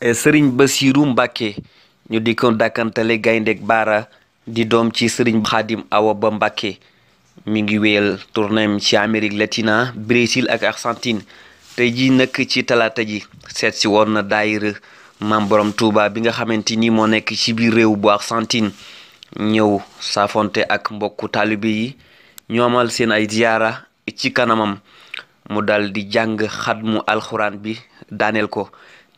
Eh, sëriñ Basiiru Mbàkke ñu dikkoon dakkantale dàkkantale gayndeek baara di doom ci sëriñ Xaadim Awa Ba Mbàkke mi ngi wéyal tournéem ci Amérique latina Brésil ak Argentine tey ji nag ci talaata ji seet si woon na daayira maam borom Touba bi nga xamante ni moo nekk ci biir réew bu Argentine ñëw saafonte ak mbokku taalibe yi ñoomal seen ay ziyaara ci kanamam mu dal di jàng xatmu alxuraan bi daaneel ko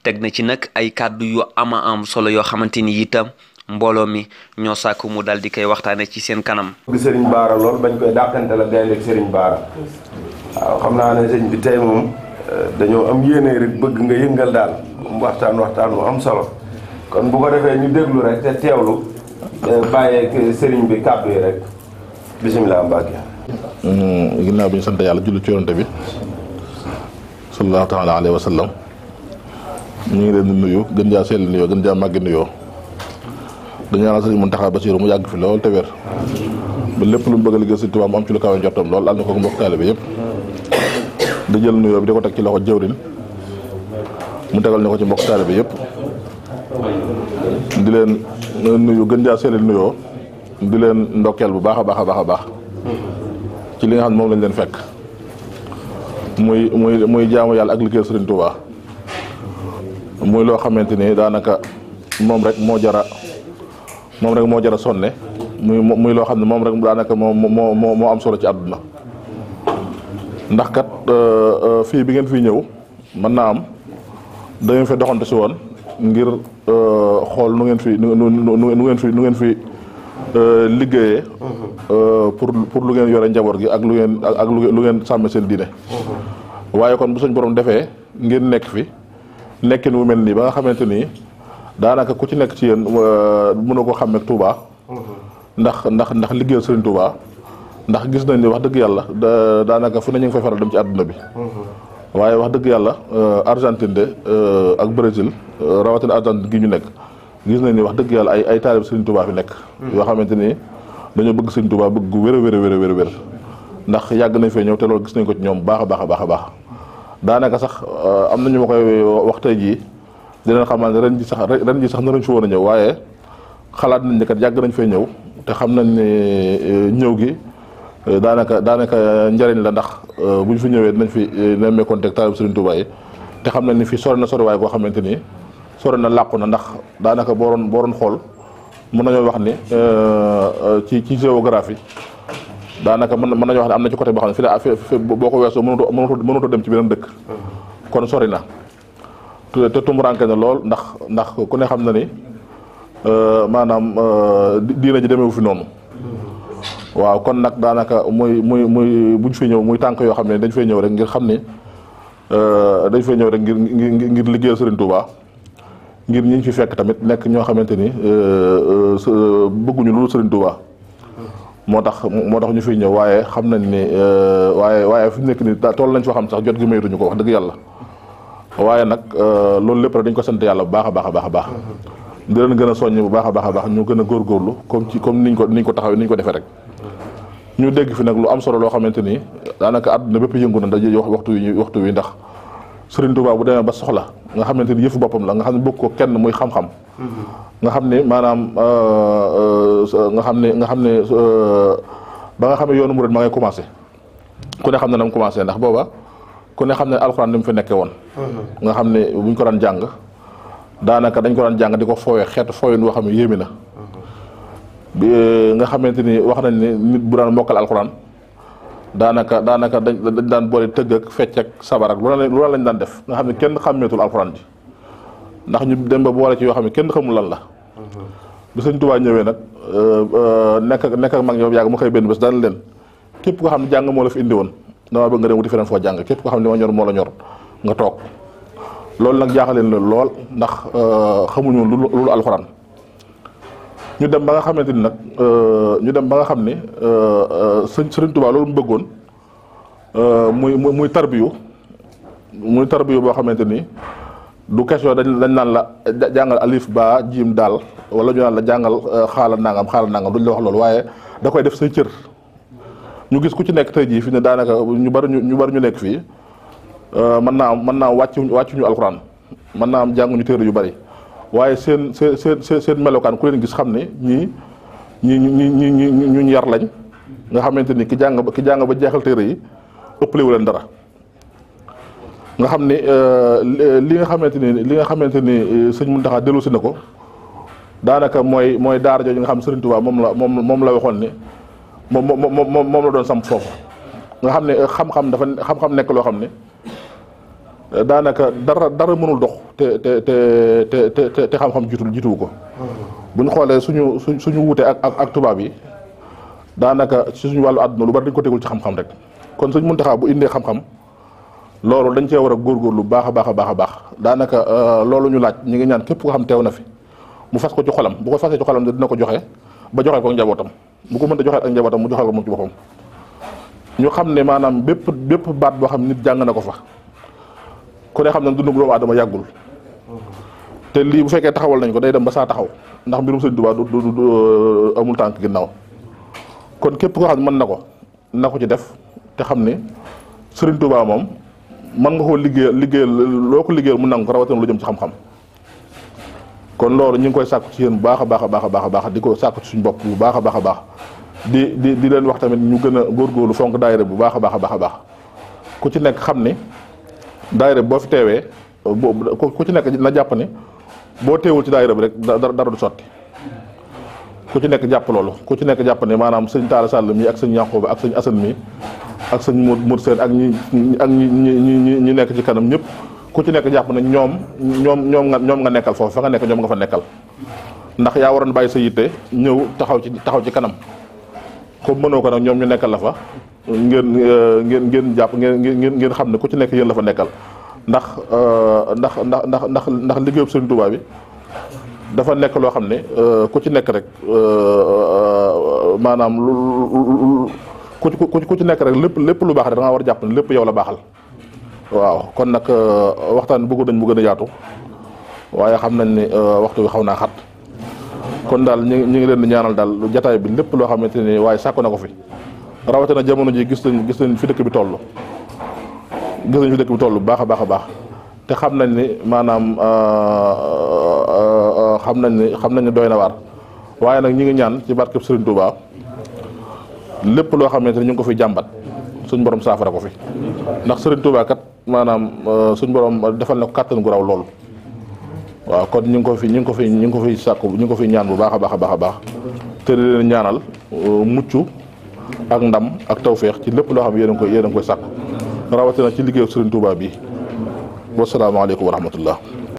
teg na ci nag ay kàddu yu ama am solo yoo xamante ni itam mbooloo mi ñoo sàkk mu daal di koy waxtaane ci seen kanam. bi Serigne Baara lool bañ koy dàqante la gaynde ak Serigne Baara waaw euh, am yéene bëgg nga yëngal daal mu waxtaan am solo kon bu ko defee ñu déglu rek te teewlu euh, bàyyeeg Serigne bi kàddu yi rek bisimilah Mbacke. ginnaaw bi ñu sant yàlla julli ci yonent bi sallallahu taala alayhi wa ñu ngi leen di nuyu gën jaa sell nuyoo gën jaa màgg nuyoo dañu ñaanal taxa ba Bassirou mu yàgg fi lool te wér ba lépp lu mu bëgg a liggéey sëriñ Tuubaa mu am ci lu kawe njortam lool ànd na ko mbokk taalibe yëpp nuyoo bi di ko teg ci loxo jëwrin mu tegal ñu ko ci mbokk taalibe yëpp di leen nuyu gën jaa sell nuyoo di leen ndokkeel bu baax a baax a baax a baax ci li nga xam moom lañ leen fekk muy muy muy jaamu yàlla ak liggéey sëriñ Tuubaa muy loo xamante ni daanaka moom rek moo jara moom rek moo jara sonne muy muy loo xam ne moom rek daanaka moo moo moo am solo ci àdduna ndax kat euh, euh, fii bi ngeen fi ñëw mën naa am da ngeen fi doxante si woon ngir euh, xool nu ngeen fi nu nu ngeen fi nu ngeen fi liggéeyee. Mhm. pour pour lu ngeen yore njaboot gi ak lu ngeen ak lu ngeen sàmm seen diine. Mhm. waaye kon bu suñ borom defee ngeen nekk fi. lekkin wu mel nii ba nga xamante ni daanaka ku ci nekk ci yéen euh, mënoo ko xàmmeek tuuba ndax ndax ndax liggéeyal Serigne Touba ndax gis nañ ni wax dëgg yàlla daanaka fu ne ñu ngi fay faral dem ci àdduna bi. waaye wax dëgg yàlla euh, Argentine de euh, ak Brésil rawatina Argentine gi ñu nekk gis nañ ni wax dëgg yàlla ay ay taalib Serigne Touba fi nekk. yoo xamante ni dañoo bëgg Serigne Touba bëgg gu wér a wér a wér a wér ndax yàgg nañ fee ñëw te loolu gis nañ ko ci ñoom baax a baax a baax baax. daanaka sax euh, am na ñu ma koy wax tey jii xamaan leen xamal ne ren ji sax ren ji sax fi woon a ñëw waaye xalaat nañ ne kat yàgg nañ fee ñëw te xam nañ ne euh, ñëw gi euh, daanaka daanaka njariñ la ndax bu ñu fi ñëwee dinañ fi nemmeekoon teg taalib Serigne Touba te xam na ni fii sori na soriwaay boo xamante ni sori na làqu na ndax daanaka boo doon boo doon xool mën nañoo wax ni ci ci géographie. daanaka mën mën nañu wax ne am na ci côté boo xam ne fi la fi boo ko weesoo mënutoo mënutoo dem ci beneen dëkk kon sori na te tumuranke na lool ndax ndax ku ne xam na ni euh, maanaam euh, diina ji demewu fi noonu waaw kon nag daanaka muy muy muy buñ fi ñëw muy tànk yoo xam ne dañ fay ñëw rek ngir xam ni euh, dañ fay ñëw rek ngir ngir ngir liggéeyal Serigne Touba ngir ñi ñu fi fekk tamit nekk ñoo xamante ni bëgguñu lu Serigne Touba. moo tax moo tax ñu fi ñëw waaye xam nañ ni euh, waaye waaye fu mu nekk ni tool nañ foo xam sax jot gi maytuñu ko wax dëgg yàlla waaye nag euh, loolu lépp rek dañ ko sant yàlla bu baax a baax a baax a baax di leen gën a soññ bu baax a baax a baax ñu gën a góorgóorlu comme ci comme niñ ko niñ ko taxawee niñ ko defee rek ñu dégg fi nag lu am solo loo xamante ni daanaka àdduna bépp yëngu na daje waxtu wi waxtu wi ndax Serigne Touba bu demee ba soxla nga xam xamante ni yëfu boppam la nga xam ne bokk ko kenn muy xam-xam. Mm-hmm. nga xam ne maanaam euh, euh, nga xam ne nga xam ne euh, ba nga xam ne yoonu murid ma ngay commencé ku ne xam ne na mu commencé ndax booba ku ne xam ne alxuraan ni mu fi nekkee woon. Mm-hmm. nga xam ne buñ ko daan jàng daanaka dañ ko daan jàng di ko fooyee xeet fooyin woo xam ne yéeme na. Mm-hmm. nga xamante ni wax nañ ne nit bu daan mokkal alxuraan. daanaka daanaka dañ dañ daan boole tëgg ak fecc ak sabar ak lu la lu lañ daan def nga xam ne kenn xam xàmmeetul alxuraan ji ndax ñu dem ba boole ci yoo xam ne kenn xamul lan la. Mhm. bi sëñ Tuubaa ñëwee nag euh, euh, nekk ak nekk ak mag ñoom yàgg mu xëy benn bés daan leen képp koo xam ne jàng moo la fi indi woon dama bëgg nga dem wuti feneen foo jàng képp ko xam ne li ma ñor moo la ñor nga toog loolu nag jaaxaleen lool ndax euh, xamuñu lu lu alxuraan. ñu dem ba nga xamante ni nag euh, ñu dem ba nga xam ne sëñ sëriñ Tuubaa loolu mu bëggoon euh, muy muy muy tarbiyu muy tarbiyu boo xamante ni du question dañ dañ naan la jàngal alif ba jiim daal wala ñu naan la jàngal euh, xaala nangam xaala nangam duñ la wax lool waaye da koy def say cër ñu gis ku ci nekk tey jii fi ne daanaka ñu bari ñu bari ñu nekk fii mën naa mën naa wàcc wàccuñu alxuraan mën naa am jànguñu téere yu bari waaye seen seen seen melokaan ku leen gis xam ne ñii ñi ñii ñi ñu yar lañ nga xamante ni ki jàng ba ki jàng ba jeexal téere yi ëppale wu leen dara. nga xam ne euh, li nga xamante ni li nga xamante ni euh, sëñ Mountakha dellu si na ko daanaka mooy mooy daara jooju nga xam Serigne Touba moom la moom moom la waxoon ne moom moom moom moom la doon samp foofu nga xam ne xam-xam dafa xam-xam nekk loo xam ne. daanaka dara dara mënul dox te te te te te xam-xam jiitu jiituwu ko. bu ñu xoolee suñu suñ suñu wuute ak ak ak tubaab yi daanaka ci suñu wàllu àdduna lu bari dañ ko tegul ci xam-xam rek kon suñ muntaxaa bu indee xam-xam loolu dañ cee war a góorgóorlu baax a baax a baax a baax daanaka euh, loolu ñu laaj ñu ngi ñaan képp ko xam teew na fi mu fas ko ci xolam bu ko fasee ci xolam dina ko joxe ba joxe ko njabootam bu ko mënta joxe ak njabootam mu joxe ko moom ci boppam ñu xam ne maanaam bépp bépp baat boo xam nit jàng na ko fa. ku ne xam ne dundu doomu aadama yàggul te lii bu fekkee taxawal nañ ko day dem ba saa taxaw ndax mbirum sëñ Tuubaa du du euh, amul tànk ginnaaw kon képp koo xam ne mën na ko na ko ci def te xam ne sëriñ Tuubaa moom mën nga koo liggéeyal liggéeyal loo ko liggéeyal mu nangu ko rawatina lu jëm ci xam-xam kon loolu ñu ngi koy sàkku ci yéen bu baax a baax a baax a baax di ko sàkku ci suñu bopp bu baax a baax a baax di di di leen wax tamit ñu gën a góorgóorlu fonk daayira bu baax a baax a baax a baax ku ci nekk xam ne daayira boo fi teewee ku ci nekk na jàpp ne boo teewul ci daayira bi rek dara du sotti ku ci nekk jàpp loolu ku ci nekk jàpp ne maanaam sëñ Talla Sall mi ak sëñ Yankuba ak sëñ Assane mii ak sëñ Mour Sène ak ak ñi ñi ñi nekk ci kanam ñëpp ku ci nekk jàpp ne ñoom ñoom ñoom nga ñoom nga nekkal foofu fa nga nekk ñoom nga fa nekkal ndax yaa waroon bàyyi sa yitte ñëw taxaw ci taxaw ci kanam comme mënoo ko nag ñoom ñu nekkal la fa ngeen ngeen ngeen jàpp ngeen ngeen ngeen xam ne ku ci nekk yéen la fa nekkal ndax euh, ndax ndax ndax ndax ndax liggéeyub Sëriñ Tuubaa bi dafa nekk loo xam ne euh, ku ci nekk rek euh, maanaam lu ku ku ci nekk rek lépp lépp lu baax rek da war a jàpp ne lépp yow la baaxal waaw kon nag waxtaan bëggu dañ mu gën a yaatu waaye xam nañ ne waxtu bi xaw naa xat kon daal ñu ngi leen di ñaanal daal jataay bi lépp loo xamante ni waaye sàkku na ko fi rawatina jamono ji gis nañ gis nañ fi dëkk bi toll gis nañ fi dëkk bi toll bu baax a baax a baax te xam nañ ni maanaam euh, euh, euh, xam nañ ni xam nañ ni doy na waar waaye nag ñi ngi ñaan ci barkeb Serigne Touba lépp loo xamante ni ñu ngi ko fi jàmbat suñ borom saafara ko fi ndax Serigne Touba kat maanaam suñ borom defal na ko kàttan gu raw loolu waaw kon ñu ngi ko fi ñu ngi ko fi ñu ngi ko fi sàkku ñu ngi ko fi ñaan bu baax a baax a baax a baax te ñaanal mucc ak ndam ak tawféex ci lépp loo xam yéen a ngi koy yéen a ngi koy sàkk rawatina ci liggéey Serigne Touba bi wasalaamaaleykum wa rahmatullah